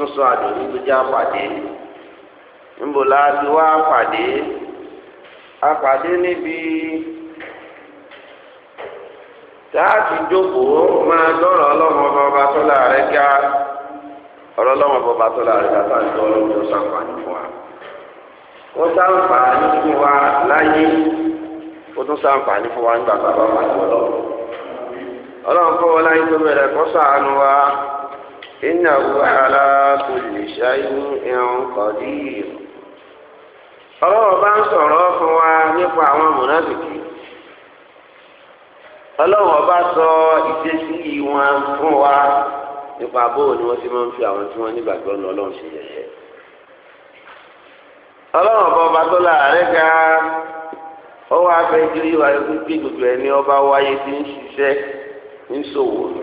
ó sọ àdéhùn tó jẹ́ àpàdé níbo la ti wá àpàdé àpàdé níbi táàtì jókòó máa dọ́rọ̀ ọlọ́mọ ọba tó láàrẹ́ ká ọ̀rọ̀ tó láàrẹ́ ká a jọ tó sàǹfààní fún wa ó sàǹfààní fún wa láyé ó tún sàǹfààní fún wa nígbà tá a bá kọ́ إنه على كل شيء قدير ọlọ́wọ́ bá ń sọ̀rọ̀ fún wa nípa àwọn mùnáfìkì ọlọ́wọ́ bá sọ ìdésí wọn fún wa nípa bóun ni wọ́n ti máa ń fi àwọn tí wọ́n nígbàgbọ́ ní ọlọ́run ṣe yẹ̀yẹ́ ọlọ́wọ́ bá ọba tó láàárẹ̀ ga ó wá fẹ́ jírí wa pé gbogbo ẹni ọba wáyé ti ń ṣiṣẹ́ ń ṣòwò nù.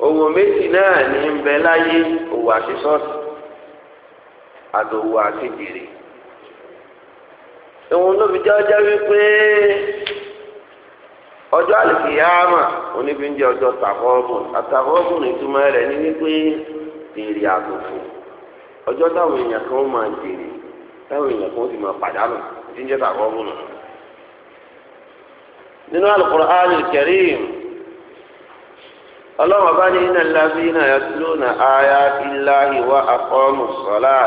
owó méjì náà ní ń bẹ láyé òwò àti ṣọ́ọ̀ṣì àdòwò àti gbèrè ìwọn lóbi jẹ́ wípé ọjọ́ àlùkìyámà oníbi ń ọjọ́ tàfọ́ọ̀bùn àtàfọ́ọ̀bùn ìtumọ̀ rẹ̀ ní wípé èrè àtòfò ọjọ́ táwọn èèyàn kan máa jèrè táwọn èèyàn kan sì máa pàdánù al ọlọ́run ọba ní iná lábí iná yàtúlónà ayá iláhi wa akọ́mù sọ́lá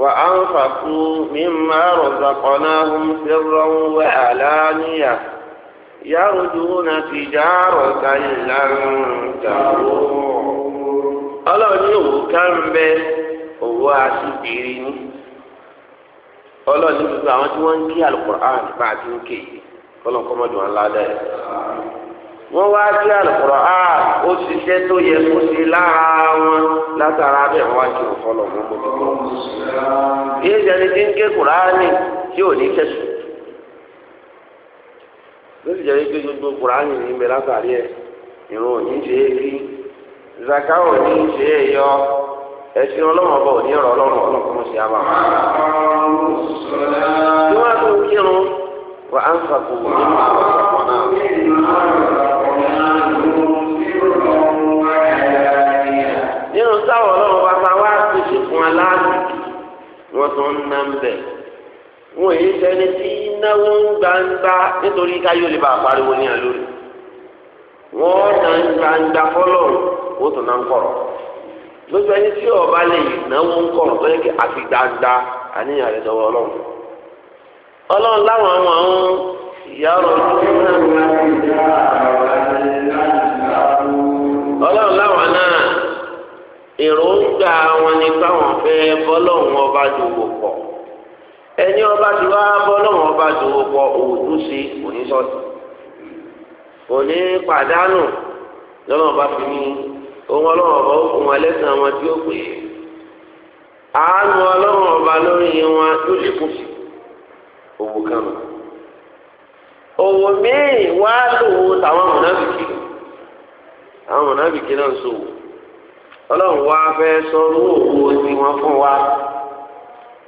wa anfaqu mimma razaqnahum sirran wa alaniya yarjuna tijaratan lan tabur. ọlọ́run ní òwò ká ń bẹ òwò aṣíbìrì ní ọlọ́run ní gbogbo àwọn tí wọ́n ń kí alukur'an bá ń kéye ọlọ́run kọ́mọ́dún aládàá yẹn wọ́n wá sí àlùkòrò á ó ṣiṣẹ́ tó yẹ kó ṣe lára wọn látara bẹ́ẹ̀ wọ́n á ti ọ̀fọ́lọ̀ wọn mọ́tò kọ́. bí ẹ̀jẹ̀ ni ti ń ké kùránì tí ò ní kẹsùn. ló sì jẹ́ pé gbogbo kùránì ní ibẹ̀ látàrí ẹ̀ ìrun ò ṣe é kí zaka ò ní ṣe é yọ ẹ̀sìn ọlọ́run ọba ò ní ọ̀rọ̀ ọlọ́run ọlọ́run ṣe àbá. tí wọ́n á tún kírun wà á ń sàkóso nínú àwọn ṣe fún aláàbìkì wọ́n tún ń ná ń bẹ̀. wọ́n èyí sẹ́ni tí náwó ń gbangba nítorí káyọ̀ lè bá a pariwo ní àlórí. wọ́n ná ń gbangba fọ́lọ̀ ó tún ná ń kọ̀rọ̀. lójú ẹni tí ọba lè náwó ń kọ̀rọ̀ tó yẹ kí àfi gbangba àníyàn rẹ̀ dọ̀wọ́ ọlọ́run. ọlọ́run láwọn àwọn ìyá ọ̀rọ̀ ọdún náà èròǹgbà wọn ni káwọn fẹ́ bọ́lọ́hún ọba dòwò pọ ẹni ọba tí wàá ọba dòwò pọ òní pàdánù ọba fi ní ohun ọlọ́run ọba òkun ẹlẹ́sìn àwọn tí ó pè é àánú ọlọ́run ọba lórí wọn tó lè kú sí míì wàá lòwò táwọn mọ̀nàbìkì ọlọ́run wá fẹ́ sọrú òwò tí wọ́n fún wa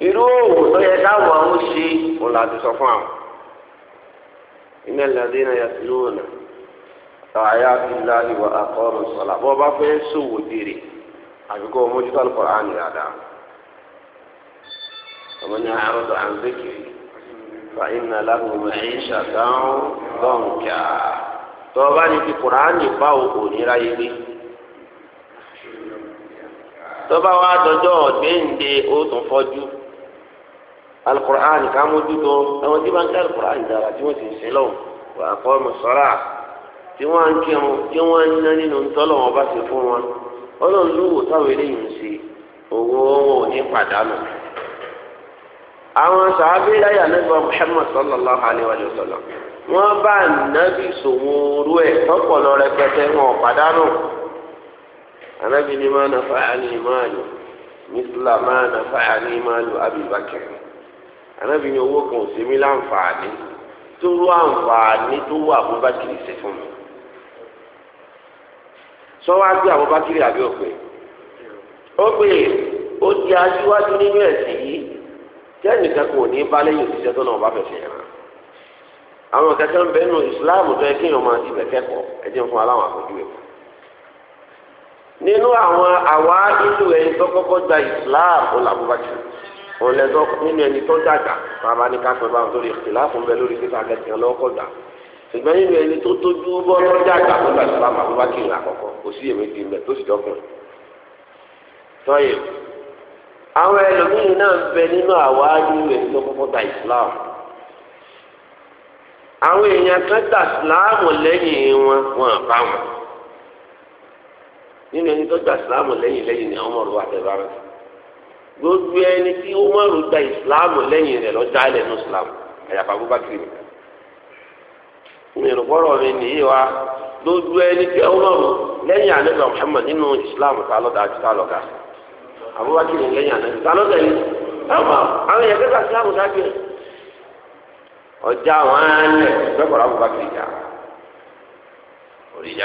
irú òwò tó yẹ káwọn ó ṣe òun láti sọ fún àwọn. iná ìlànà náà yàtí lóòna àyà ìlà ìwà àkọọ́rùn sọ̀la bọ́ bá fẹ́ sòwò dèrè àfikún mójútó àlùkòrò àánì àdá ọmọ ní àárọ̀ tó à ń zékiri fàyínà lágùnmù ẹ̀yìn ṣàtàn gbọ̀ǹkà tó bá ní ti kùránì báwo kò ní ráyé gbé tọ́ba wa dọjọ́ gbẹ̀ǹde ó tún fọ́jú alukur'an ká mójútó àwọn tí wọ́n ń kí alukur'an dára tí wọ́n sì ń sílọ̀ wà á kọ́ ọmọ sọ́ra tí wọ́n ń kírun tí wọ́n ń ná nínú ntọ́lọ̀ wọn bá ṣe fún wọn ọlọ́run ló wò táwọn eléyìí ń ṣe owó wọn ò ní pàdánù. àwọn sàábé láyà nígbà Muhammad sallallahu alayhi wa sallam wọ́n bá nàbì sòwò orú ẹ̀ rẹpẹtẹ wọn pàdánù anabi ni ma nafa ani maalu misla ma nafa ani maalu abibakir anabi ni owó kan ò sí mi láǹfààní tó rú àǹfààní tó wà abubakir ṣe fún mi sọwọ́ á gbé abubakir àbí òpè ó pè ó di aṣíwájú nínú ẹ̀sìn yìí tẹ́nìkan kò ní bá lẹ́yìn òṣìṣẹ́ tó náà bá fẹ̀ fẹ̀ hàn àwọn kẹkẹ́ ń nù ìsìláàmù tó yẹ kéèyàn máa ti bẹ̀ kẹ́kọ̀ọ́ ẹ jẹ́ fún aláwọ̀ àpèjúwe fún nínú àwọn àwa nínú ẹni tó kọ́kọ́ gba islam ó là Abubakar òun lẹ́tọ́ nínú ẹni tó dàgbà bàbá ní ká pẹ̀lú àwọn tó lè ṣe láàfún bẹ lórí títà kẹsàn-án lọ́kọ̀ gbà ṣùgbọ́n nínú ẹni tó tójú bọ́ tó dàgbà tó gba islam Abubakar àkọ́kọ́ kò sí èmi ti mẹ́ tó sì dọ́kun. tọ́yẹ̀ àwọn ẹlòmíín náà ń bẹ nínú àwa nínú ẹni tó kọ́kọ́ gba islam àwọn èèyàn kan gba islam lẹ́yìn wọn wọn nínú ẹni tó gba ìsìláàmù lẹ́yìn lẹ́yìn ní ọmọ rẹ wà gbogbo ẹni tí ó mọ̀ gba ìsìláàmù lẹ́yìn rẹ lọ́jà ilẹ̀ ìsìláàmù àyàfà ìrùbọ́rọ̀ mi nìyí wa gbogbo ẹni tí lẹ́yìn nínú ìsìláàmù tá lọ́dà àti tá lẹ́yìn tá lọ́dà yìí àwọn yẹn ìsìláàmù ọjà wọn á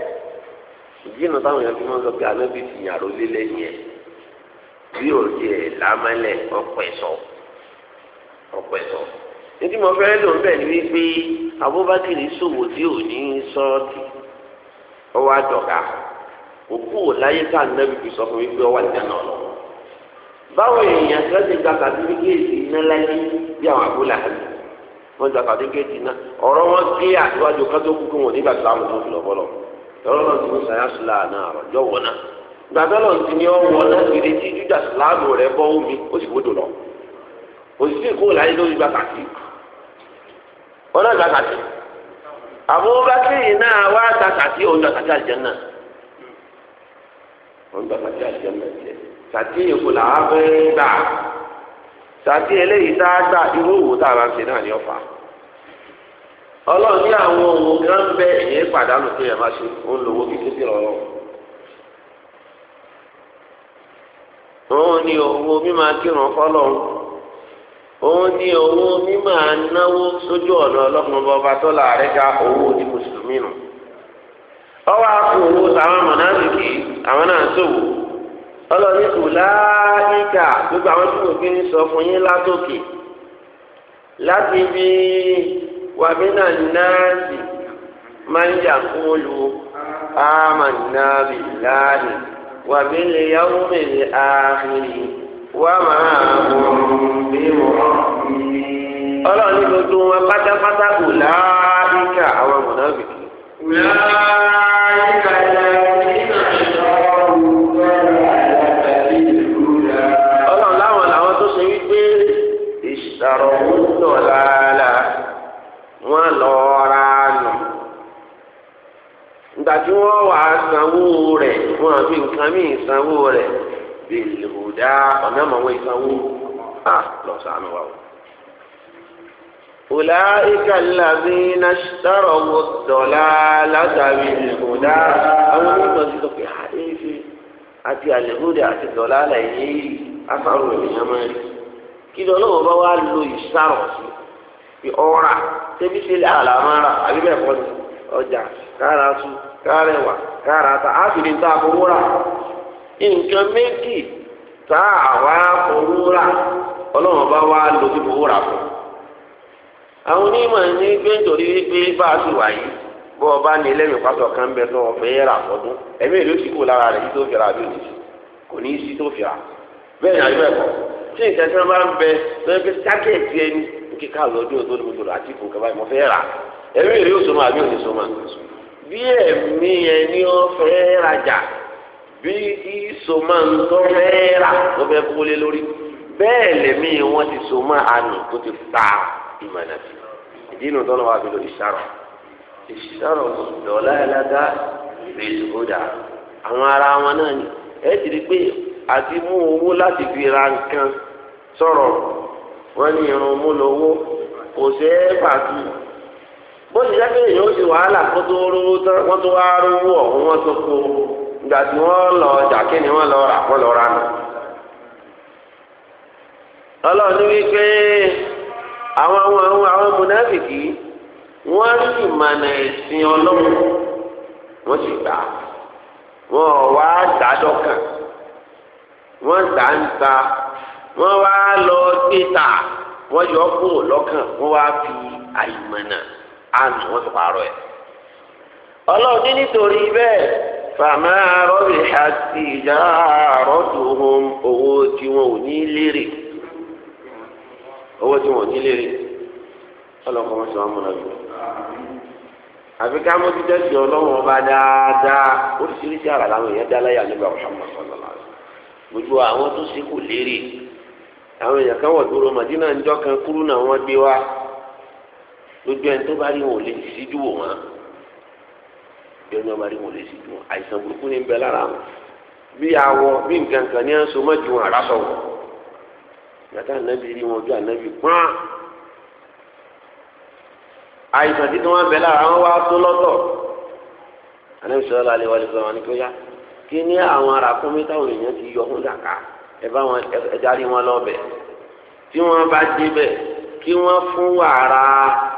ìdíyìnà táwọn èèyàn fi máa ń sọ pé anábì ti yàrá olé lẹ́yìn ẹ̀ bí òde ẹ̀ lámẹ́lẹ̀ ọ̀pẹ̀ sọ ọ̀pẹ̀ sọ. nítorí mo fẹ́ lò ń bẹ̀ ní wípé Abubakar ṣòwò tí ò ní sọ́ọ̀tì ọwọ́ àdọ̀gà òkú ò láyé tá anábì fi sọ fún mi pé ọwọ́ àdìyàn lọ. báwọn èèyàn tí wọ́n gba sàtífíkèétì iná láyé bí àwọn àbúlà wọ́n gba sàtífíkèétì iná ọ̀rọ̀ wọn gé tọ́lọ́ náà ti ní sàyà sílá náà àròjọ́ wọ̀ náà gbàgbọ́ náà ti ní ọwọ́ náà ìdí tí jújà síláàmù rẹ̀ bọ́ omi ó sì wódò lọ òṣìṣẹ́ ìkó láyé lórí gbàkàtì wọn náà gbàkàtì àwọn bákìrì náà wá gbàkàtì òun gbàkàtì àlùjánnà wọn gbàkàtì àlùjánnà tiẹ̀ sàtì èkó làwọn fẹ́ gbà sàtì eléyìí tá a gbà irú òwò tá a bá ń ṣe náà ní ọ̀fà. ọlọ́run ní àwọn ohun kan bẹ èyí pàdánù tó yẹ máa ṣe ó ń lówó kíkó sí ọlọ́run. òun ni owó mímọ akírun fọlọ́run òun ni owó mímọ anáwó sójú ọ̀nà ọlọ́run bọba tó láàárẹ̀ ga owó ní mùsùlùmí nù. ọwọ́ owó táwọn àwọn náà ọlọ́run kò gbogbo àwọn tí sọ fún yín látòkè láti wàmínà náàsì máa ń yà kúlù àmàna bìláàlì wàmínà yàwó mẹ́lẹ̀ àhìrì wà máa wọ̀n bí wọ́n. ọlọ́run ní gbogbo wọn pátápátá kù láàríkà àwọn mọ̀nàbìkì. wọ́n wà á sanwó rẹ̀ wọ́n àfi nǹkan míì sanwó rẹ̀ bìlùdá ọ̀nà àmọ̀wọ́ ìsanwó à lọ sànù wa o. Ulaika alladhina ishtarawu ad-dalalata bil-huda. Àwọn onímọ̀ ti sọ pé àdéhìí àti àlèhùdà àti dọ̀làlà yìí àfàrò ènìyàn máa rí. Kí lọ́lọ́wọ́ bá wá lo ìsàrọ̀ sí ọ̀rà tẹ́bí sílẹ̀ àlàmárà àbí bẹ́ẹ̀ kọ́ sí. ọjà kára su kára ẹwà kára ta á sì lè ta àfọwọ́ nǹkan méjì tá àwa fọwọ́ ọlọ́run bá wá lò sí fún. àwọn onímọ̀ ní gbé nítorí bá a sì wà yìí bọ́ ọ bá ní ẹlẹ́mìí kan bẹ tó fẹ́ rà fọdún ẹ̀mí ìlú lára rẹ̀ kí tó fi bí òjijì kò ní í sí tó bẹ́ẹ̀ ni àyùbẹ̀ kọ́ tí nǹkan tí wọ́n bá ń bẹ ẹ̀mí rẹ̀ yóò sọmọ àbí òní sọmọ bí ẹ̀mí ẹni ọ̀fẹ́ rajà bí ìsọmọ ńlọfẹ́ rà lọ́fẹ́ kólé lórí bẹ́ẹ̀ lẹ́mí wọn ti sọmọ àná tó ti ta ìmọ̀nà sí ìdí inú tọ́lọ́ wa fi lọ ìṣàrọ̀ ìṣàrọ̀ dọ̀ọ́lá ẹ̀lága lè sọ́dà àwọn ara wọn náà ni ẹ̀ ti di pé àti mú owó láti fi ra nǹkan sọ̀rọ̀ wọ́n ní irun mú lówó kò sí ẹ́ bó ti jẹ́ pé èèyàn ó ti wàhálà kó tó rówó tán wọ́n tó wá rówó ọ̀hún wọ́n tó kó ìgbà lọ ọjà kí ni wọ́n lọ rà wọ́n lọ rà nù. ọlọ́run ní wípé àwọn àwọn àwọn àwọn mùnáfìkì wọ́n sì mànà ẹ̀sìn ọlọ́run wọ́n sì gbà wọ́n wá dàdọ́kàn wọ́n dà ń ta wọ́n wá lọ gbé ta wọ́n yọ kúrò lọ́kàn wọ́n wá fi àánú wọn ti pààrọ̀ ẹ̀. ọlọ́run ní nítorí bẹ́ẹ̀ fàmà rọ́bì àti ìjà àrọ́dù ohun owó tí wọn ò ní lérè owó tí wọn ò ní lérè ọlọ́kọ̀ wọn sọ wọn múra jù. àfi ká ọba dáadáa oríṣiríṣi làwọn èèyàn dá láyà nígbà Muhammad sallallahu gbogbo àwọn tó lérè àwọn èèyàn kan wọ̀ dúró Màdínà ńjọ́ kan lójú ẹni tó bá rí wọn ò lè síjú wò wọn lójú ẹni tó bá rí wọn ò lè síjú wọn àìsàn burúkú ní bẹ lára wọn bí awọ bí nǹkan kan ní ẹnso mọ́jú wọn àrásọ wọn yàtọ̀ ànábì rí wọn ojú ànábì pọ́n àìsàn títún wọn bẹ lára wọn wá tó lọ́tọ̀ ànábì sọ̀rọ̀ lálẹ́ wọlé fún wọn ní kó yá kí ní àwọn ará fún táwọn èèyàn ti yọ fún dàkà ẹ bá wọn ẹ darí wọn lọ tí wọn bá dé bẹ kí wọn fún wàrà.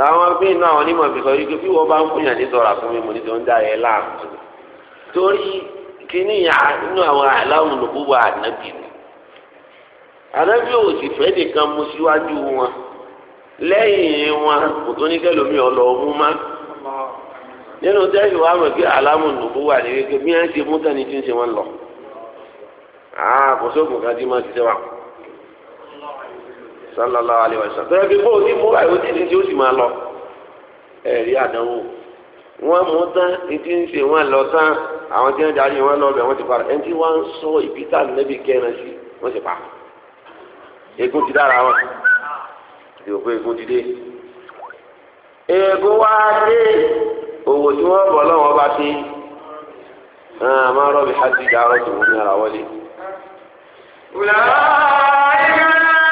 làwọn bíi inú àwọn onímọ̀ fi sọ yìí bí wọ́n bá ń fúnyàn ní sọ̀rọ̀ àfúnmi mo ní tó ń dá yẹn láàmú torí kíní inú àwọn aláwọn olùkúwà ànábì ni ànábì ò sì fẹ́ nìkan mú síwájú wọn lẹ́yìn wọn kò tó ní kẹlòmí ọlọ ọmú má nínú tẹ́sí wa mọ̀ kí aláwọn olùkúwà ni wípé bí wọ́n ti mú tẹ́ni tí ń ṣe wọn lọ àkóso kò ká ti máa ṣiṣẹ́ kù sọlọlọ àlewàṣà tó yẹ kí bóun ní múra ìwé tìǹtì tí ó sì máa lọ ẹ̀rí àdánwò wọ́n mú tán ní tí ń ṣe wọ́n lọ tán àwọn tí wọ́n darí wọ́n lọ bẹ̀ wọ́n ti para ẹni tí wọ́n ń sọ ìbítà nẹ́bí kẹrin sí wọ́n ti pa egun ti dára wọn yóò pé egun ti dé egun wá dé òwò tí wọ́n bọ̀ lọ́wọ́ bá ti máa rọ́bì hajj dáhùn tó wọ́n ní ara wọlé. wùlọ́ọ̀.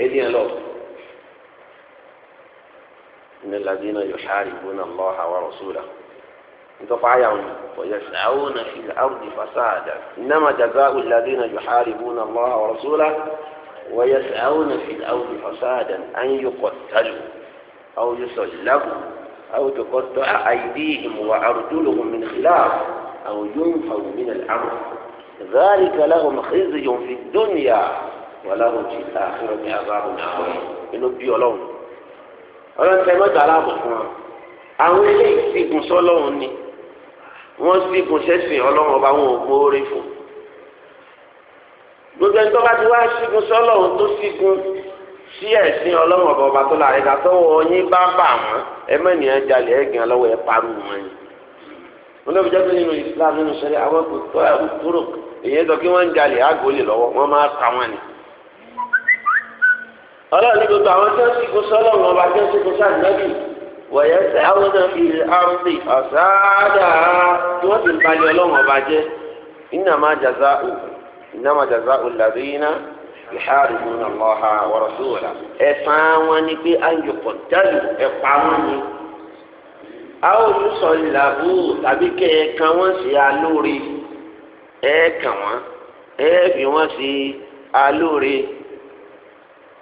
هدي إيه لو إن الذين يحاربون الله ورسوله يتفاعلون ويسعون في الأرض فسادا إنما جزاء الذين يحاربون الله ورسوله ويسعون في الأرض فسادا أن يقتلوا أو يسلبوا أو تقطع أيديهم وأرجلهم من خلاف أو ينفوا من الأرض ذلك لهم خزي في الدنيا wàláwò ti ta àfihàn ní abáàbò náà wọ̀ inú bí ọlọ́run ọlọ́run tẹ mọ́tò aláàbò fún wa àwọn eléyìí sígun sọlọ́run ni wọ́n sígun sẹ́sìn ọlọ́run ọba wọn ò gbóore fún gbogbo ẹni tó bá ti wá sígun sọlọ́run tó sígun sí ẹ̀sìn ọlọ́run ọba ọba tó láàrin ká tọ́wọ́ yín bá bà wọ́n ẹ mẹ́ni ẹ jalè ẹ gàn lọ́wọ́ ẹ parú wọn ni wọn lọ́ọ́ fi jẹ́ pé nínú Islam nínú sẹ́lẹ̀ àwọn kò tó àrùn tóró èyí sọ kí wọ́n ń jalè àgọ́lè lọ́wọ́ wọ́n máa ta wọn ni ọlọ́run ní gbogbo àwọn tí wọ́n sì kó sọ́lọ́ wọn bá tí wọ́n sì kó sàǹdẹ́bì wọ̀nyẹn sẹ́ àwọn náà fi àrùntì ọ̀sáàdà tí wọ́n sì ń balẹ̀ ọlọ́run ọba jẹ́ innama jaza'u innama jaza'u alladhina yuharibuna Allaha wa rasulahu ẹ̀sán wọn ni pé ayọ̀kọ̀ dálù ẹ̀pá wọn ni a ó lù sọ ìlàbù tàbí kẹ́ ẹ̀ kan wọ́n sí alóore ẹ̀ kàn wọ́n ẹ̀ bí wọ́n sí alóore.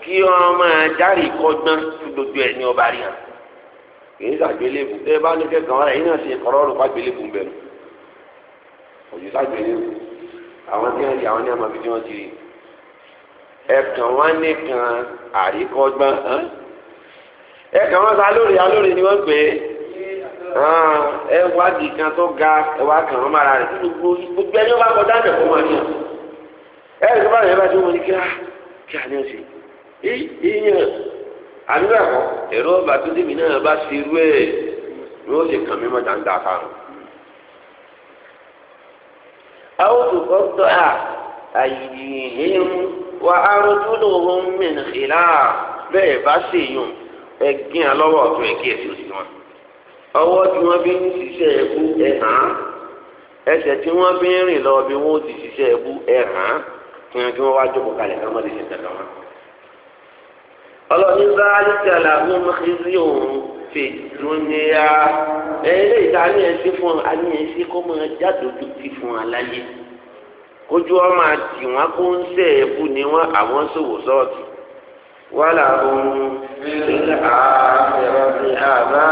kí wọn máa járì kọgbọn fún gbogbo ẹni ọba rí hàn kìí sàgbélébù tẹ bá ní kẹkàn wọn rẹ yín náà ṣe kọrọ ọrùn pàgbélébù ń bẹnu òjò sàgbélébù àwọn tí wọn di àwọn ní àmọ́ bíi tí wọn ti rí ẹkàn wọn nìkan àríkọgbọn ẹkàn wọn sá lórí alórí ni wọn pè é ẹ wá di kan tó ga ẹ wá kàn án mara rẹ gbogbo ẹni wọn bá kọjá bẹ fún wọn ni ẹ ẹ sọ báyìí ẹ bá tó wọn ni kí á kí á ní ọ̀sẹ̀ yìí ìyàn àdúrà kan ẹ̀rọ ọba tó débi náà bá ṣe irú ẹ̀ ni ó lè kàn mí mọ́ta ń dà fáwọn. àwọn olùkọ́ tọ́ à àyìnbíyìn wà arjuluhum min khilaf bẹ́ẹ̀ bá ṣèyàn ẹ̀gín alọ́wọ́ ọ̀tún ẹ̀kí ẹ̀sìn òsì wọn. ọwọ́ tí wọ́n fi ń ṣiṣẹ́ ẹ̀kú ẹ̀hán ẹsẹ̀ tí wọ́n fi ń rìn lọ bí wọ́n ti ṣiṣẹ́ ẹ̀kú ẹ̀hán kí wọ́n wá jókòó kalẹ̀ ká má lè ṣe tẹ̀lé wọn ọlọ́ni bá alìjàlá mú mọ́kìsí òun fè lónìyà ẹ̀yìn lè ta ní ẹsẹ̀ fún àní ẹsẹ̀ kó máa jádòdò ti fún aláyé kójú wọn máa tì wọn kó ń sẹ ẹbú ni wọn àwọn sòwò sọọtù wàhálà ohun ìlà àfẹrẹsẹ àbá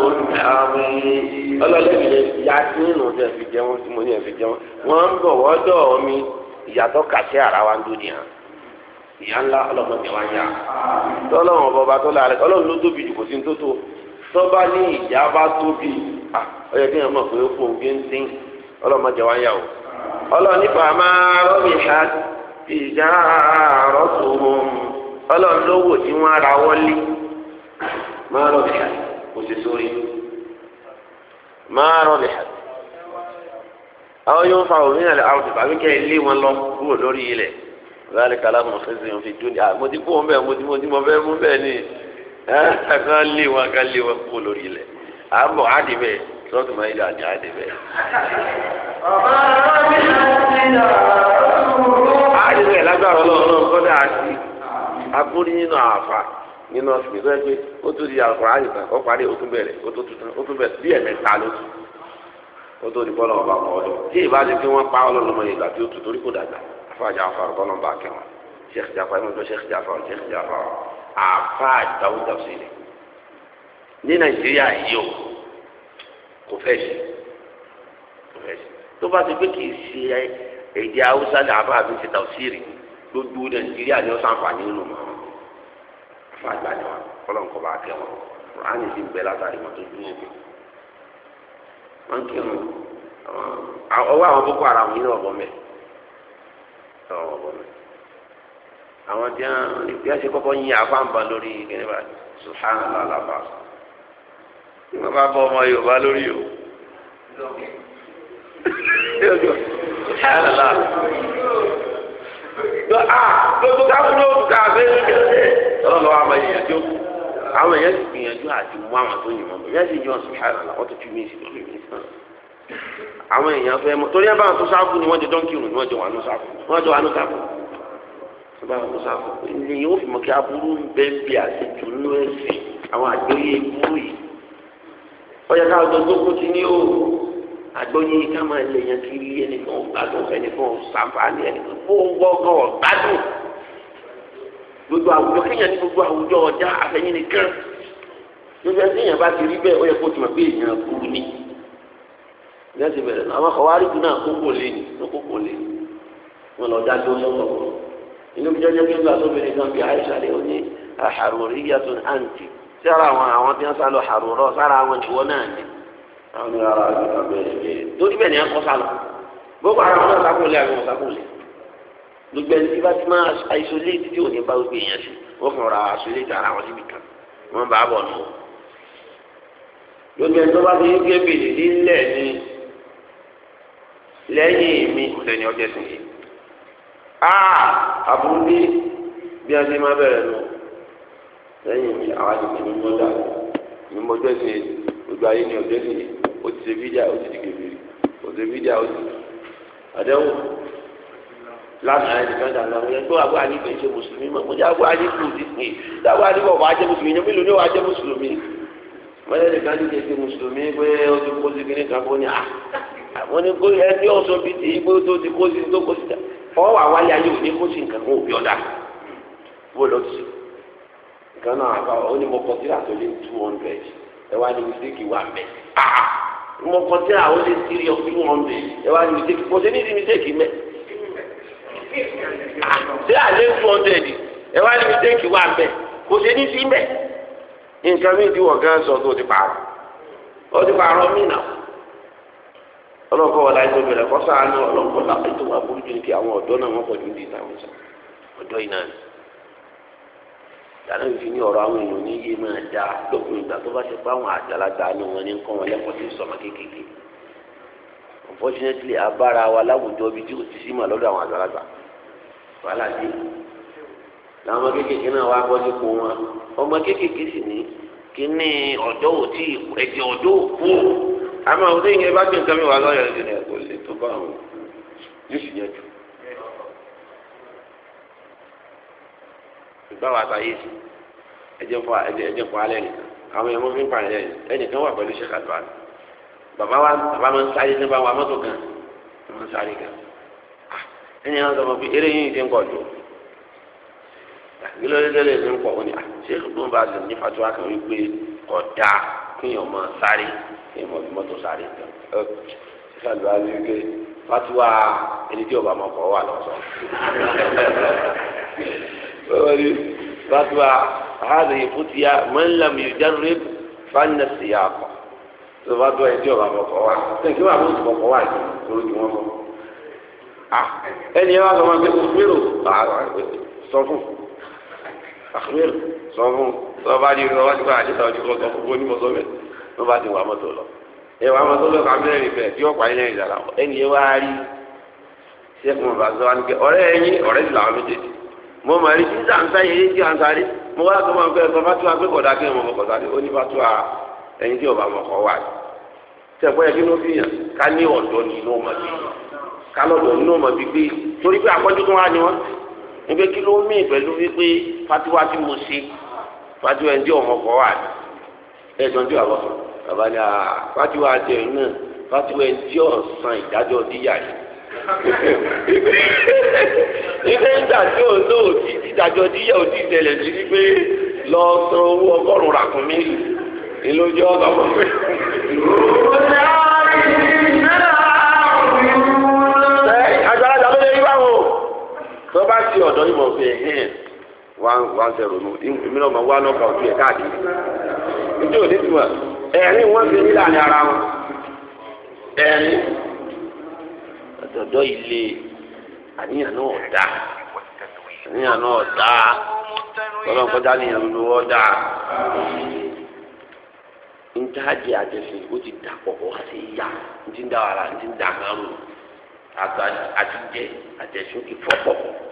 òun àwọn ọlọ́dún ilé ìyá tí nínú ọdún ẹ̀fí jẹun tí mo ní ẹ̀fí jẹun wọ́n ń bọ̀ wọ́dọ̀ mi ìyàtọ̀ kàṣẹ́ ara wa ń dúnìyàn. ìyá ńlá ọlọ́mọdé wa yá tọ́lọ́wọ́n bọba tó láàrẹ ọlọ́run ló tóbi jù kò sí tó tó tọ́ba ní ìyá bá tóbi ọyọ kí wọn mọ̀ pé ó fún ogé ń dín yá o ọlọ́run nípa máa ha láti kàlámù fẹsẹ̀ òfin dúnìá mo ti kú wọn bẹ́ẹ̀ mo ti mo ti mo fẹ́ mú bẹ́ẹ̀ ni ẹ ká lé wọn ká lé wọn kú lórí ilẹ̀ à ń bọ̀ á dì bẹ́ẹ̀ sọ́ọ̀tù máa ń yà ní á dì bẹ́ẹ̀. ọ̀bá mi ti nà. á dì bẹ́ẹ̀ lágbára ọlọ́run kọ́dà àti akúrí nínú àáfà nínú ọ̀sìn tó yẹ pé ó tún di àkùrọ̀ àyíká ó parí ó bẹ̀rẹ̀ ó tún tuntun ó tún bẹ̀rẹ̀ bí ẹ̀mẹ́ta ó tún di bọ́ọ̀lù ọba ọmọ ọdún tí ìbá ti pa ọlọ́run mọ́ ìgbà tí ó tún torí kò dàgbà àfa Jaafar bọ́lọ̀n bá kẹ́wọ̀n sheikh Jaafar ẹ̀mọ́tò sheikh Jaafar sheikh Jaafar àfa Dawud tafsiri ní Nàìjíríà yìí o kò fẹ́ ṣe kò fẹ́ ṣe tó bá ti gbé kì í ṣe èdè Haúsá ní àfa àfi ṣe tafsiri gbogbo Nàìjíríà ni ó sàǹfààní nínú mọ́ àfa àgbà ni wọn bọ́lọ̀n kọ́ bá kẹ́wọ̀n Kùránì ti bẹ́ látàrí mọ́tò dúró wọn kírun ọwọ́ àwọn Boko Haram yìí náà bọ́ mẹ́rin tọwọ bọlọ àwọn tí wọn bí wọn ṣe kọ́kọ́ yin àfáǹbà lórí kíni bá sùhánà lálàbà tí wọn bá bọ ọmọ yorùbá lórí o sùhánà lálà lọ a lọtọ káfúró káfé lókè lọlọ àwọn èèyàn tó àwọn èèyàn ti gbìyànjú àti mú àwọn tó yìnbọn bẹ yẹn ti yọ sùhánà lálà wọn tó tún mí sí lórí mi sàn. àwọn èèyàn fẹ́ mọ̀ torí ẹ tó sáfù ni wọ́n jẹ dọ́ńkì rùn ni jẹ wà ló sáfù wọ́n jẹ wà ló sáfù ẹ bá tó sáfù ni yóò fi mọ̀ kí aburú bẹ́ẹ̀ bí àṣejù nínú àwọn burú yìí tó kú ti ní o àgbóyè ká máa lè yan gbogbo àwùjọ kéèyàn gbogbo àwùjọ ọjà àfẹ̀yìn nìkan yẹn ti bẹ̀rẹ̀ àwọn àwárí kun náà kókò lé ní kókò lé ní wọn lọ dájú sọ́kọ̀ wọn inú bí jọjọ kéwàá sóbìnrin kan bí Aisha lè ó ní àhàròrí yàtọ̀ àǹtí sára àwọn àwọn tí wọn sá lọ àhàròrọ sára àwọn ìwọ náà ní. àwọn ní ara àti ìgbà bẹ́ẹ̀ bẹ́ẹ̀ torí bẹ́ẹ̀ ni a kọ́ sálọ gbogbo ara wọn náà sákòlè àbí wọn sákòlè gbogbo ẹni tí bá ti máa isolate tí ò ní bá gbogbo èèyàn sí wọn fún ra isolate ara wọn síbi kan wọn bá bọ̀ nù. gbogbo ẹni tó bá fi ń gbé bèlè nílẹ̀ lẹ́yìn mi lẹ́ni ọjọ́ sì yìí aa ah, àbúrú bí bí a ti máa bẹ̀rẹ̀ lọ lẹ́yìn mi àwọn àdìgbò ni mo dà ní mo jẹ́ sí gbogbo ayé ni ọjọ́ sì yìí ó ti ṣe fídíà ó ti di kébìrì ó ti ṣe fídíà ó ti àdéhùn lánàá ẹni kan dà lọ ẹgbẹ́ wa gba àdìgbò ṣe mùsùlùmí mọ̀ mo jẹ́ àgbo àdìgbò ti pè dáwọ́ àdìgbò ọ̀bà jẹ́ mùsùlùmí ní mélòó ni wàá jẹ́ mùsùlùmí mọ̀lẹ́ni kan ti ṣe mùsùlùmí pé ó ti kó sí kíní kan kó ní à ah, àwọn ní kó ẹni ọ̀sọ́ bíi ti igbó tó ti kó sí tó kó sí ta fọwọ́ wà wáyé ayé òní kó sí nǹkan kan òbí ọ̀dà wó lọ sí nǹkan náà àbá ó ní mo kọtíra tó lé two hundred ẹ wá ní mistake wà mẹ ah mo kọtíra ó lé three of two hundred ẹ wá ní mistake ní mistake mẹ ah àlé two hundred ẹ wá ní mistake wà mẹ kò ní mẹ nǹkan mi ti wọ̀ gán sọ tó ti ti ọlọ́kọ̀ wà láì tóbi rẹ̀ kọ́ sáánù ọlọ́kọ̀ láì tó wà burú ju ti àwọn ọ̀dọ́ náà wọ́n pọ̀ ju ti ìtàwọn sọ ọ̀dọ́ yìí ni. ìdáná fi ní ọ̀rọ̀ àwọn èèyàn ní yé máa da ìgbà tó bá ṣe àwọn àgbàlagbà ní wọn lẹ́kọ̀ọ́ unfortunately abára wa láwùjọ bíi tí ti sí mà lọ́dọ̀ àwọn àgbàlagbà wàhálà dé àmọ́ àwọn oníyìn yẹn bá gbé nǹkan mi wà lọ́yọ̀ ẹ̀jẹ̀ ni ẹ̀kọ́ lè tó bá àwọn yóò sì yẹn jù. ìgbà wà sáyé sí ẹ̀jẹ̀ fọ ẹ̀jẹ̀ fọ alẹ́ nìkan àwọn èèyàn fi ń pa ẹ̀jẹ̀ ẹnìkan wà pẹ̀lú ṣèkà tó àná bàbá wa bàbá máa ń sáré ní bá wa mọ́tò gan máa ń sáré gan ah, ẹni àwọn sọmọ fi eré yìí ti ń kọ̀ jù ìlọrin ah, lẹ́lẹ́ ti ń pọ̀ wọ́n ni ṣé ìlú bá ti ní fatuwa kan wípé kọ̀ dáa kéèyàn máa sáré kéèyàn máa fi mọ́tò sáré tán ṣíṣàlù àti wípé fatuwa ẹni tí ọba máa kọ wà lọ́sọ̀ fatuwa ahadu ìfútiya mọ́nlá mi jáde fáńdà tó fatuwa ẹni tí ọba máa wà kí wàá bó ti wà jù lórí ju wọn fọ. ẹni ẹ wá sọ ma pé kò gbèrò ah, sọ fún àkùnrin sọ fún tó bá di ọwọ́ ti bá àdìsá ọdún kan sọ fún onímọ̀ sọ́mẹ̀ tó bá ti wà mọ́tò lọ. ẹ wà mọ́tò lọ kàmílẹ̀rì bẹ̀ tí ọ̀pá ilẹ̀ ìdàlà ẹni yẹn wá rí sẹ́kùn ọba sọ wá ní pé ọ̀rẹ́ ẹ̀yìn ọ̀rẹ́ ti làwọn méjèèjì mo mọ̀ rí sísá ń sáyé yé tí a ń sáré mo wá sọ máa ń fẹ́ sọ fatuwa pé kọ̀dá kí ọmọ kí ó mọ̀ kọ́ wà ní. ní fájú ẹ̀ ń jẹ́ ọmọ kọ́ wà ní ẹ̀sán tí wà bọ̀ sọ bàbá ni ah, fájú wa jẹ iná fájú ẹ̀ ń jẹ́ ọ̀sán ìdájọ́ díyà yìí ilé ìgbà tí ò lò tí ìdájọ́ díyà ò ti tẹ̀lẹ̀ sí ni pé lọ san owó ọgọ́rùn-ún ràkún mi ìlójú ọgbà wọn pé. agbára ìdàlódé ti ọ̀dọ́ ìmọ̀ fẹ́ hẹ́n. one one zero nù èmi náà máa wá nọ́ọ̀kà òtún tuma fi ní ara wọn ẹ̀rín ọ̀dọ̀dọ̀ ilé àníyàn náà dá àníyàn náà dá ọlọ́run kọjá níyàn dá o ti dà pọ̀ wá sí ntí ń dá wàrà ntí ń dà ti fọ́ pọ̀ pọ̀.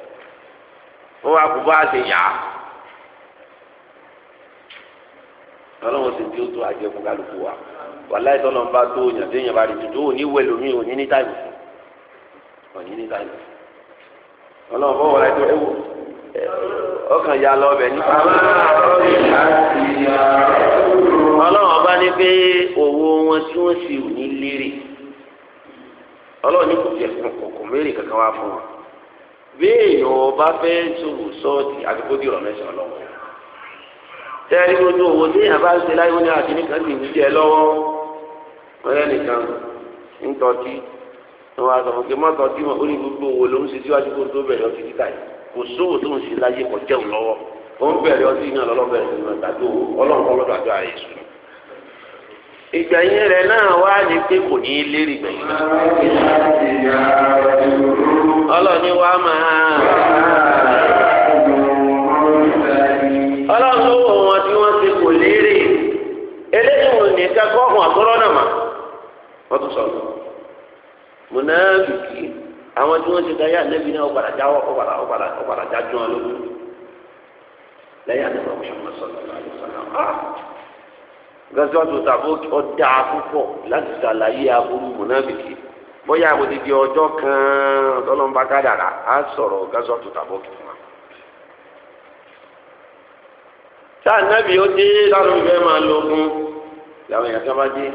ó wá kó bá a ṣe yá tọ́lọ́wọ́ sì ti ó tó àjẹ fún kálukú wa wàláì tọ́lọ́ ń bá tó yàn téèyàn bá rí tuntun òní wẹ̀ lómi òní ní táìmù fún òní ní táìmù fún ọlọ́run fọwọ́ láti ẹ wò ọkàn ya lọ bẹ̀ ní. ọlọ́run ọba ní pé owó wọn tí wọ́n sì ò ní lérè ọlọ́run ní kò jẹ́ kòkòrò mérè kankan wá fún wọn bí èèyàn ọba fẹ́ ṣòwò sọ́ọ̀tì àti kó dìrọ̀ mẹ́sàn-án lọ́wọ́ tẹ́lẹ̀ gbogbo owó ní àbá ṣe láyé wọn ní àdínní kan ti ń jẹ lọ́wọ́ ọ̀rẹ́ nìkan ń tọ́jú wọn a sọ fún kí mọ́tò tí wọn ó ní gbogbo owó ló ń ṣe síwájú kó tó bẹ̀rẹ̀ ọtí títà yìí kò sówó tó ń ṣe láyé kò jẹun lọ́wọ́ ó ń bẹ̀rẹ̀ ọtí náà lọ́lọ́ bẹ̀rẹ̀ ìgbìmọ̀ ìgbẹ̀yìn rẹ̀ náà wá ní pé kò ní í lérí gbẹ̀yìn náà. ọlọ́ni wa máa. wọn tí wọ́n ti kò eléyìí wọn ní kakọ́ ọ̀hún àtọ́rọ́ náà mà wọ́n tún àwọn tí wọ́n ti náà ọ̀gbàrà ọ̀gbàrà ọ̀gbàrà ọ̀gbàrà gazọ́tò tàbí ọjà púpọ̀ láti ṣàlàyé aburú mọ̀nàbìkì bóyá àwòdìdì ọjọ́ kan tọ́lọ́mbà kádàrà á sọ̀rọ̀ gazọ́tò tàbí ọkì fún wa. táà nábì ó dé láwọn ìfẹ́ máa lo fún làwọn èèyàn sábà dé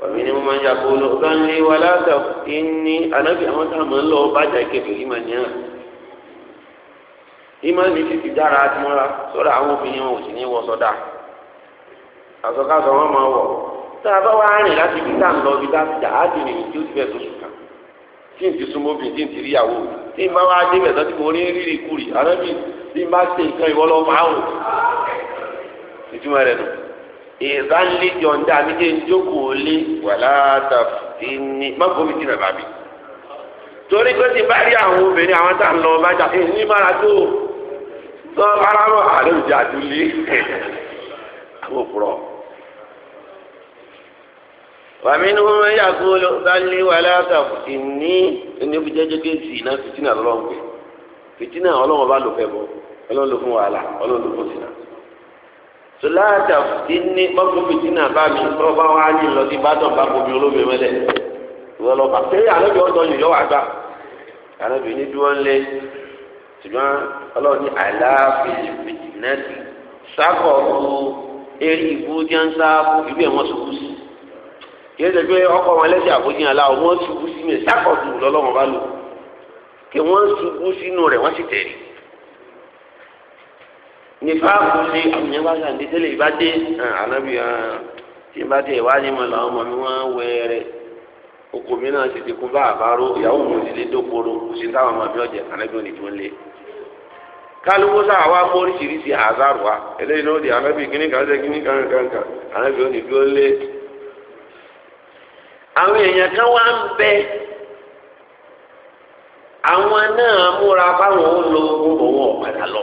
wàmí ni máa ń lọ bá ń lé wa látà àwọn máa ń lọ ní hàn ìmọ̀ ní ti ti dára tí wọ́n ra sọ́dọ̀ àwọn obìnrin wọn ò sì ní wọ àsọkásọ wọn máa wọ̀ tá a bá wá rìn láti ibi tá à ń lọ ibi tá a ti jà á dìrì tí ó ti bẹ̀ tó sùn kan tí n ti súnmọ́ bí tí n ti rí ìyàwó tí n bá wá dé bẹ̀tọ́ tí mo rí rírì kúrì àrẹ́bí tí n bá ṣe nǹkan ìwọ lọ máa wò ìtumọ̀ rẹ̀ nù. ìbánilé jọ̀ǹda mi jẹ́ njókòó lé wàlá tàfi ní mọ́kòmí ti nàbà mi. torí pé ti bá rí àwọn obìnrin àwọn tá à ń lọ bá jà ní mara tó sọ ara rọ àlejò àdúlé àwọn òpùrọ̀ wàmínú wọn yà kó lọ sálẹ wàlẹ àtàkùtì ní oníbi jẹjẹ géètì iná fìtínà lọ́lọ́run pé fìtínà Ọlọ́run bá lò fẹ bọ Ọlọ́run ló fún wàhálà Ọlọ́run ló fún sínà sọlá àtàkùtì ní bọ́kú bá mi tọ́ wà ní lọ sí bá bomi olómi mẹlẹ ìwọ lọ bá ṣé yìí yọwọ àgbà àlejò ní dúró ńlẹ ṣùgbọ́n Ọlọ́run ní àlàáfíà fìtínà sí sákọ̀ọ́ eré ìbú díẹ̀ ń sáà fún ìbí ẹ̀wọ̀n sọ̀kúsì kí ẹsẹ̀ pé ọkọ̀ wọn lẹ́sẹ̀ àbójì yàn láwọn wọ́n ṣubú sí mi sákọ̀tù lọ́lọ́wọ́n bá lò kí wọ́n ṣubú sínú rẹ̀ wọ́n sì tẹ̀lé. nípa kò sí àwọn yẹn bá sàn dídélé ìbá dé ànábì tí ìbá tẹ̀ wá ní mọ̀ làwọn ọmọ mi wọ́n wẹ̀ẹ́rẹ́ oko mi náà ti ti bá àbárò ìyàwó mi sì lé dókòrò kò sí táwọn ọmọ mi ọ̀jẹ̀ ànábì òní tó ń lé kálukú sáà wá mú oríṣiríṣi àzárò wa eléyìí náà ó di ànábì kíníkan ṣe kíníkan kankan ànábì òní tó ń lé àwọn èèyàn kan wá ń bẹ àwọn náà múra fáwọn ológun òun ọ̀padà lọ.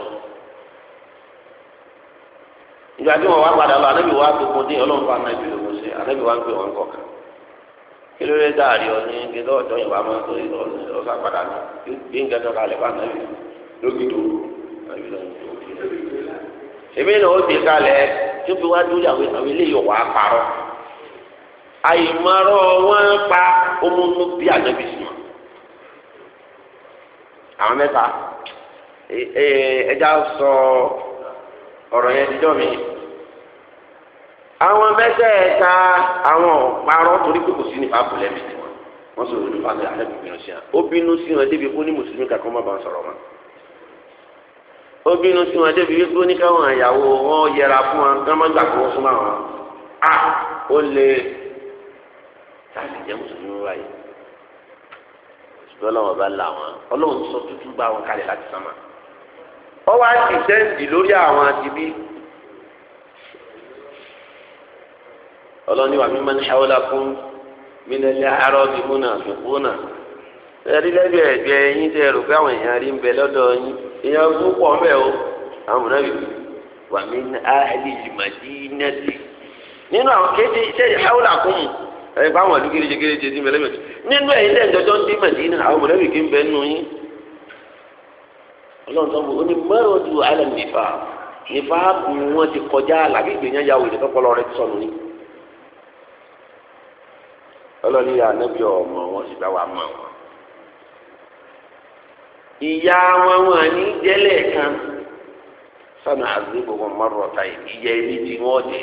ìgbà tí wọn wá padà lọ anábì wá gbogbo dín ọlọ́run fún anábì lòun ṣe anábì wá gbé wọn kọ̀ọ̀kan kí ló dé ọ lọ́ọ̀dọ́ padà ń gẹ́tọ́ kalẹ̀ fún anábì anábì àyèmọ́rọ́ wọn pa ọmọọmọ bí ànábì sí wọn. àwọn mẹ́ta ẹja sọ ọ̀rọ̀ yẹn dídọ́ mi. àwọn mẹ́tẹ̀ẹ̀ta àwọn ọ̀parọ́ torí pé kò sí nípa bùlẹ̀ mi tiwọn wọ́n sọ òdodo fún ànábì bínú sí wọn. ó bínú sí wọn débi kó ní mùsùlùmí kankan má bàa sọ̀rọ̀ wọn ó bínú sí wọn débi wípé oníkàwọn àyàwó wọn yẹra fún wọn kí wọn má gbàgbọ́ fún wọn. a ó lè láti jẹ́ mùsùlùmí wáyé ṣùgbọ́n ọlọ́wọ́ bá la wọn ọlọ́run sọ tútù bá wọn kalẹ̀ láti sánmà ọ wá ti sẹ́ǹdì lórí àwọn àtibí ọlọ́ni wà mí máa ń ṣàwọ́lá fún mi lẹ́lẹ́ arọ́ bí múnà fi kúnà ẹ̀rí lẹ́gbẹ̀ẹ́ ẹ̀gbẹ́ yín tẹ́ rò pé àwọn èèyàn rí ń bẹ lọ́dọ̀ yín èèyàn fún pọ̀ o àwọn mìíràn bìbí wà mí ní àhẹ́lì ìmàdí nẹ́ẹ̀sì nínú àwọn kéde iṣẹ́ ìṣàwọ́lá fún mi ẹ bá wọn àdúgbò kéréje kéréje sí mẹlẹmẹ nínú ẹ̀yin lẹ́yìn jọjọ ń dín mẹdínà àwọn mọ̀lẹ́bí kí ń bẹ nù yín Ọlọ́run tó ń bọ ó ní mẹrọdù alẹ nìfà nìfà kù wọn ti kọjá làgbègbè yẹn yà wò ní tọpọlọ rẹ sọnù ni Ọlọ́run yà nẹbi ọmọ wọn sì bá wà mọ wọn. ìyá wọn wọn ní jẹlẹ kan sọnà àdúgbò wọn mọrọ táyì ìyá ẹni tí wọn dé.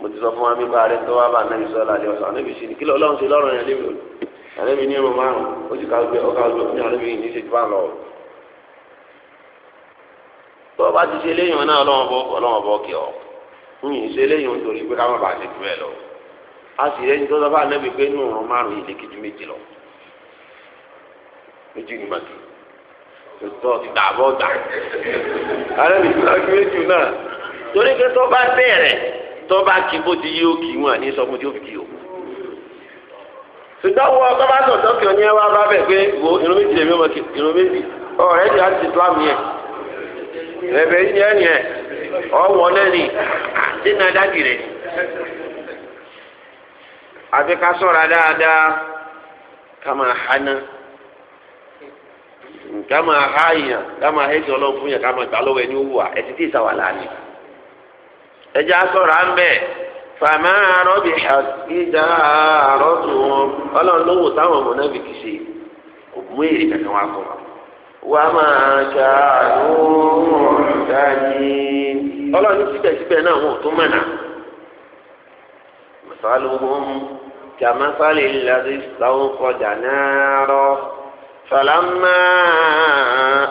mo ti sọ fún wa mi bá rẹ tó wá bá anabi sọ lálẹ́ ọsàn anabi sì ní kí lọ́lọ́run sí lọ́rùn yẹn lébi o anabi ní irun márùn ó sì ká gbé ọkà gbé fún anabi ní ìṣèjú bá lọ. tó o bá ti ṣe léyìn náà ọlọ́wọ́n bọ́ ọlọ́wọ́n bọ́ kí ọ ń yìn ṣe léyìn nítorí pé káwọn bá ṣe jù bẹ́ẹ̀ lọ. a sì rẹ́ ní tó sọ fún anabi pé inú irun márùn yìí lè kí ju méjì lọ méjì ní màkì tó ti tó lọ kí méjì tọba kí bó ti yí ó kì í wọn ní sọ́kùn tí ó fi kì í o. wá bá bẹ̀ pé wo irun méjì lèmi ọmọ irun méjì ti àti Islam yẹn ẹ̀bẹ̀ yẹn yẹn àti nàdájì àti ká dáadáa ká máa hana ká máa háyà ká máa hẹ́sì ọlọ́run fún yẹn ká máa gbà lọ́wọ́ ẹni ó wù wá ti ẹja sọ̀rọ̀ à ń bẹ̀ fàmà rọ́bì ìdá rọ́tù wọn ọlọ́run ló wò táwọn ọmọ náà fi kì í ṣe kò mú èrè kankan wá fún wa. wà á máa ṣá lóòrùn dání. ọlọ́run síbẹ̀síbẹ̀ náà wọn ò tún mọ̀nà. màsálùmọ́ kàmáfàlì sáwọn kọjá náà rọ. fàlámà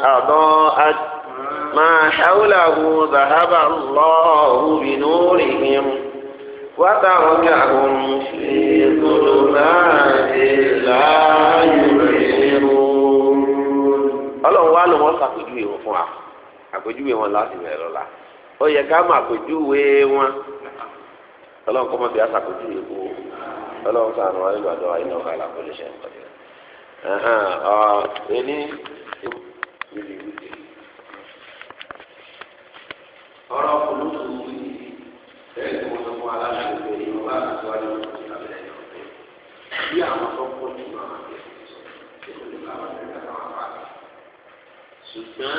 àdán àti. ما حوله ذهب الله بنورهم وتركهم في ظلمات لا يبصرون ọlọ́run wá ló wọ́n ṣàpèjúwe wọn fún wa àpèjúwe wọn ó yẹ ká máa àpèjúwe wọn ọlọ́run kọ́ mọ́ bí a kú ọlọ́run sànù Oran kon nou kon moun ki di di, pek kon nan moun ala chokeri, mou ala ki kwa li moun ki la mèlè yon pek, ki a man komponjiman an pek, se kon yon kwa man pek, se kon yon kwa man papek. Souten,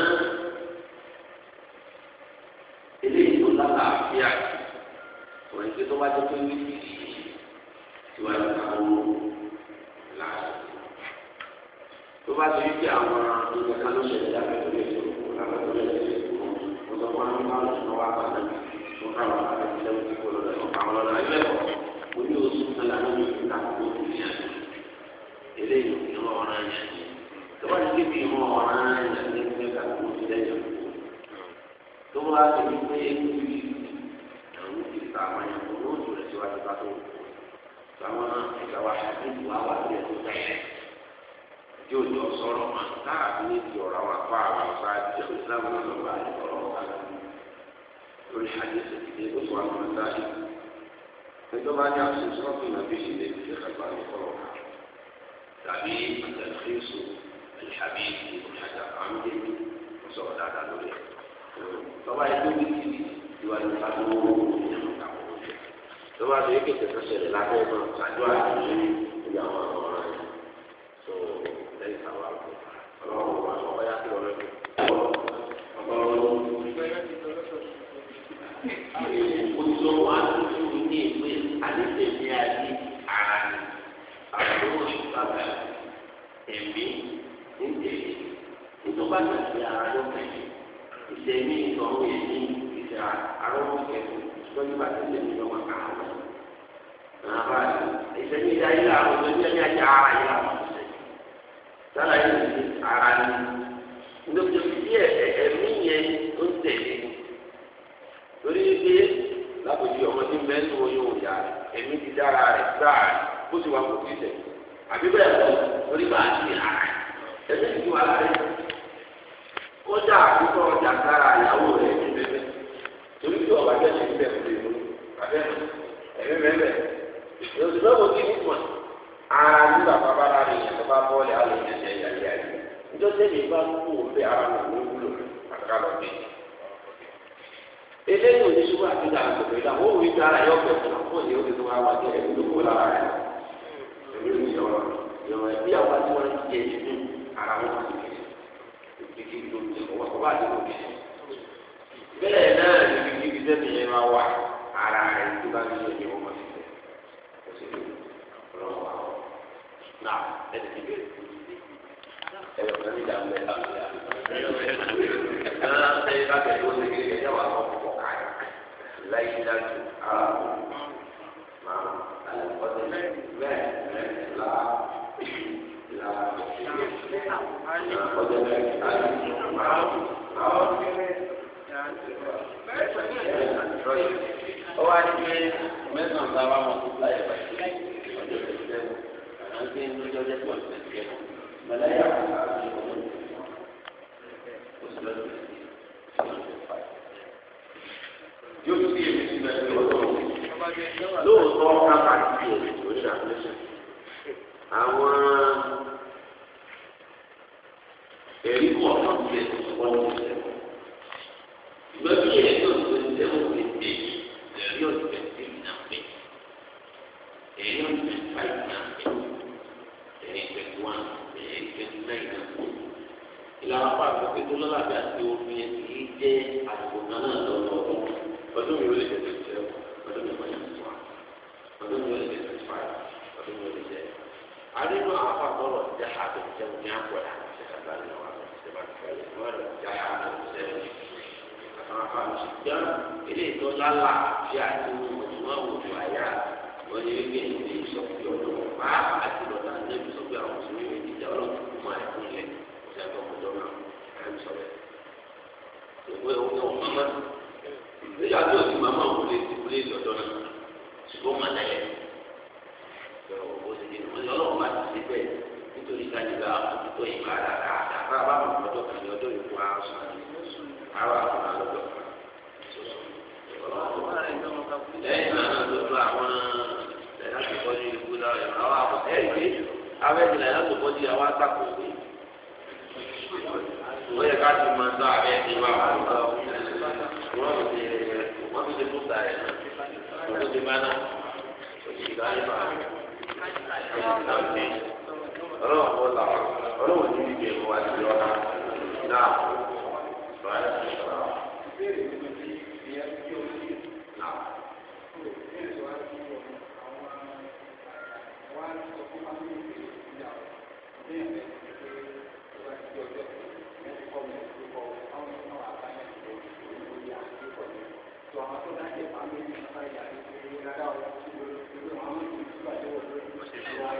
e li yon la la, ki a ki, pou enke tou wate ki wite ki di, ki wane kan moun la la pou. Tou wate yon ki a man an, pou yon kan nou chekte a pek, pou yon kwa la la pou, yóò jọ sọ̀rọ̀ mà táàbí ní ìjọra wà fáwọn àwọn sáájú ìsìlámù náà lọ́ba ni ọ̀rọ̀ ọ̀gá náà lórí àdéhùn ìdílé tó wà ní ọ̀dá yìí. ẹjọ́ bá ní àṣẹ sọ́ọ̀tù náà bí ìṣẹ̀lẹ̀ ìṣẹ̀lẹ̀ kàgbà ní kọ́lọ̀ kan tàbí àtẹ̀lẹ́sọ ìṣàbí ìṣàjà àwọn méjèèjì wọ́n sọ̀rọ̀ dáadáa lórí ẹ̀. lọ́wọ́ ayé tó ní kí ìwà nípa tó wọ́n wọ́n ní ìyẹn lọ́ta wọ́n wọ́n jẹ́. lọ́wọ́ ayé kékeré tó ṣẹlẹ̀ lábẹ́ ẹ̀gbọ́n ṣáájú àti ìyàwó àwọn ọ̀rọ̀ ẹ̀ tó lẹ́yìn táwọn àgbẹ̀ ọlọ́run wà lọ́wọ́ yá kí ọlọ́run òtò wa tuntun ní ìwé alẹ́tẹ̀lẹ́ ayé ara ni àbúrò ìpàdà ẹ̀mí nítẹ̀lẹ́ ìjọba tàbí ara ló tẹ̀lé ìṣẹ̀mí ìtọ́wọ́ yẹn ní ìṣẹ̀ arọ́wọ́ kẹfù lórí bàtà ìṣẹ̀mí lọ́wọ́ káwọn. Nàbà ìṣẹ̀mí ìdáyé làwọn ọ̀dọ́ ìṣẹ̀mí àti ara yìí làwọn ọ̀dọ́ sálàyé ara ni. Ìdòkìtì díẹ̀ ẹ̀mí yẹn ó tẹ̀lé. torí pé lápòjì ọmọdé mẹ́rin oyún òyà rẹ̀ ẹ̀mí ti dára rẹ̀ gbáà bụ bó ti wà kò tẹ̀ àbí bẹ́ẹ̀ kọ́ torí bá ti rà ẹ̀mí ti wà rẹ̀ kọjá àkókò ọjà sára ìyàwó rẹ̀ ní bẹ́ẹ̀ torí ọba jẹ́ bẹ́ẹ̀ abẹ́ ẹ̀mí mẹ́rẹ̀ lọ́sùn mo ní pọ̀ ara nígbà bàbá rà rẹ̀ yẹn bá bọ́ọ̀lì eléyìí òní ṣubú àti ìdàgbà gbogbo ìdá wọn ò rí dára yọ bẹ fún àwọn òní òní tó wá wá jẹ ẹbí lóko lára rẹ ẹbí ló ń yọ ọ yọrọ ẹbí àwọn àti wọn ti jẹ inú ara wọn ti kẹ ìdíkì ló ń tẹwọ ọba àti ló ń tẹ bẹ́ẹ̀ náà ìdíkì bí sẹbi yẹn máa wà ara rẹ tó bá ní ẹbí wọn ti tẹ ó sì lè lọ wà ọ ليلة عرب مع القدر ما لا لا القدر هو أنت مثل ما تعلم لا يبكي أنت من جودة والمسكين ملايا وسلم Yóò lóòótọ́ kábàtì òṣèlú ṣàkóso àwọn ẹ̀rí kọ̀ ọ̀kan tiẹ̀ wọ́n ti sẹ̀. ìgbà bí ẹ̀rí yóò ti sẹ̀ wọ́n ti dé ẹ̀rí yóò ti sẹ̀ sí ìnà pé ẹ̀rí yóò ti sẹ̀ fà ìnà pé ẹ̀rí twenty one ẹ̀rí twenty nine náà kú. ìlànà pàtó pé tó lọ́la bí àti omi ẹ̀ kì í jẹ́ àsìkò kan náà lọ́wọ́ ọdún mi ò lè tẹ̀lé ìṣẹ́ ọdún mi ò lè tẹ̀lé ọdún ní olè twenty five ọdún ní olè jẹ àdínú àwọn àbọ̀rọ̀ jẹ́ àbẹ̀ jẹ́ òní àgbọ̀dá ṣe kàtà ní àwọn àbẹ̀ ṣe bá ti fẹ́ wọ́n rẹ̀ jẹ́ àbẹ̀ ṣe àwọn àbàmì ṣùgbọ́n ilé ìtọ́ lálà bí àti wọn wò ju àyà wọn ní wípé ìdí ìsọfúnni ọdún bá àti lọ́dà níbi sọ pé àwọn òṣèré ìdí ìjà ọlọ́run fún wọn àìkú ilẹ̀ ọ̀sẹ̀ àgbọ̀mọdọ́ náà àìmí sọ̀rọ̀ ìwé òun náà mọ́mọ́ ìgbéyàwó ti máa máa wọlé ìdílé lọ́dọ̀ náà ṣùgbọ́n mà lẹ́yìn tó o sì di ìwé ọlọ́run bá ti ṣe bẹ́ẹ̀ nítorí kájúgà àbójútó ìgbà àdàkà àdàkà bá mọ̀ ọjọ́ kan ní ọjọ́ ìkó àásùn àwọn àwọn àlọ́jọ́ kan ṣoṣo. lẹ́yìn náà lójú àwọn lẹ́yìn àti ìkọ́jú ìlú náà ẹ̀rọ àwọn àbọ̀ ẹ̀rí pé abẹ́ẹ̀dì lẹ́yìn àti ìkọ́jú ìyàwó àtàkù òwe. ó yẹ ká ti máa ń tọ́ abẹ́ẹ̀dì wa wọ́n ti wọ́n ti ṣe kó lọ́dún ti máa ná òṣì láyébà òṣì ọlọ́run kò là ọlọ́run ní ìgbè mú wa sí ti sọ̀rọ̀. Thank you.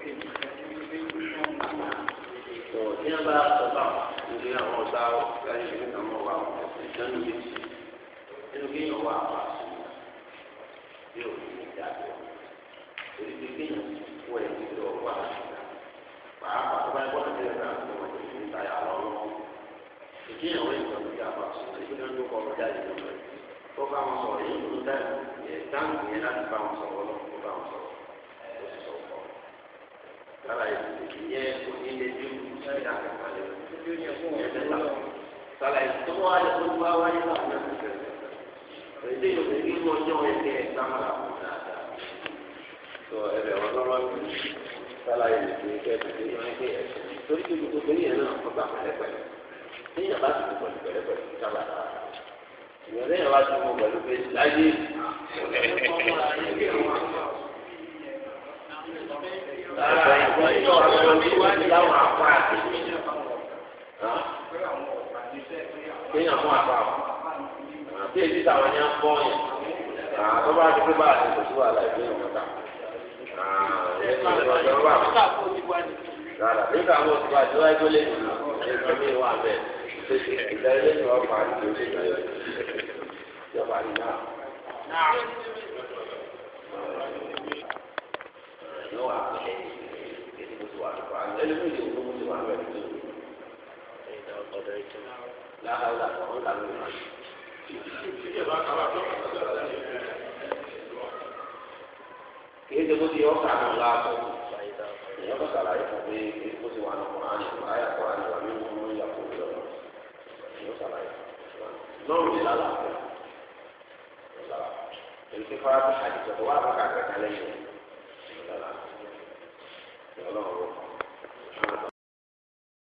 tó tí wọn ìdí àwọn ọba káyọ ìdí àwọn ọba ìdánù méjì nínú kéèyàn wà wá sí i yóò fi ìdá lọ èyí ti kéèyàn wọ ẹni lọ wá pàápàá tó bá gbọ́dọ̀ bẹ̀rẹ̀ náà tó wọn ti fi ìtayà lọ lọ́wọ́ ìkéèyàn wọ ẹni lọ sí àwọn àṣìṣe ìdánù tó kọ ọjà ìdánù rẹ tó bá wọn sọ̀rọ̀ yìí ló dá ẹ dáhùn yẹn láti bá wọn sọ̀rọ̀ lọ tó bá wọn sọ̀rọ̀ lára ìyẹn kò ní lè dé ìṣe pé yẹn náà kọ́ bá pẹ̀lẹ́pẹ̀lẹ́ ní yàrá tó Rárá ìwọ yóò ọ̀rọ̀ lórí ìwádìí láwọn àpá àti ìmìnira. Kéèyàn mú àpá o. Àti èyí táwọn ni à ń bọ́ yẹn. Tó bá ti pé bá àti kò sí wàhálà ìgbé yẹn mọ́ta. Rárá nígbà wo ti wá ìjọba ẹgbẹ́ lé nínú ẹgbẹ́ mi wà bẹ́ẹ̀. Ìdájọ́ ìjọba àti ìjọba ìjọba àti ìjọba. yóò wà pẹ̀lẹ́ èyí tó ti wà lọ́wọ́ àwọn ẹlẹ́mìí lè wọ́n ti wà lọ́wọ́ ẹ̀ lórí. láhàlà ọ̀hún làwọn ò máa kìí ṣe bó ti yọ ká àwọn láàbò ìyẹn kò sàlàyé fún pé kìí bó ti wà ní ọkùnrin àná ìwà ayé àkọ́rọ́ àná ìwà mímú mú ìyàpò ìjọba ìyẹn kò sàlàyé lọ́rùn ìlà làbò ìlà èyí ti fara bí àdìsọ̀tò wà lọ́kà kẹta lẹ́yìn sọ̀rọ̀ ọlọ́run rọ̀.